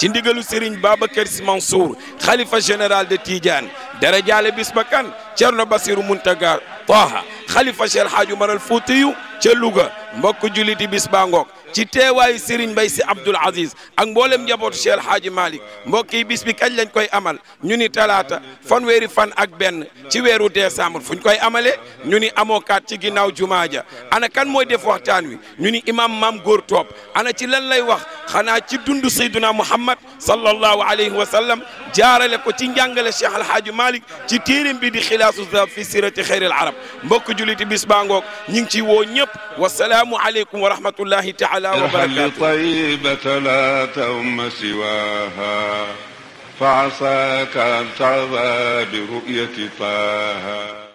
ci ndigalu Serigne Babacar Sy Mansour xalifa général de Tidiane dara jaale bakan ba kan Thierno Taha xalifa Cheikh Hadj Oumar al ca Louga mbokk juliti bis baa ngoog ci teewaayu Serigne Mbaye Sy Abdoul Aziz ak mboolem njabootu Cheikh El Hadji Malick mbokk yi bis bi kañ lañ koy amal ñu ni talaata fanweeri fan ak benn ci weeru décembre fu ñu koy amalee ñu ni amookaat ci ginnaaw jumaa ja ana kan mooy def waxtaan wi ñu ni imam maam góor toop ana ci lan lay wax xanaa ci dund sayduna muhammad sallallahu alayhi wa sallam jaarale ko ci njàngale si El Hadji Malick ci téerim bi di xilaasu zahab fi sirati xeyril arab mbokk juliti bis baa ñu ngi ciy woo ñëpp والبنات والسلام عليكم ورحمة الله تعالى وبركاته الطيبة لا تؤم سواها فعساك أن تعظى برؤية طه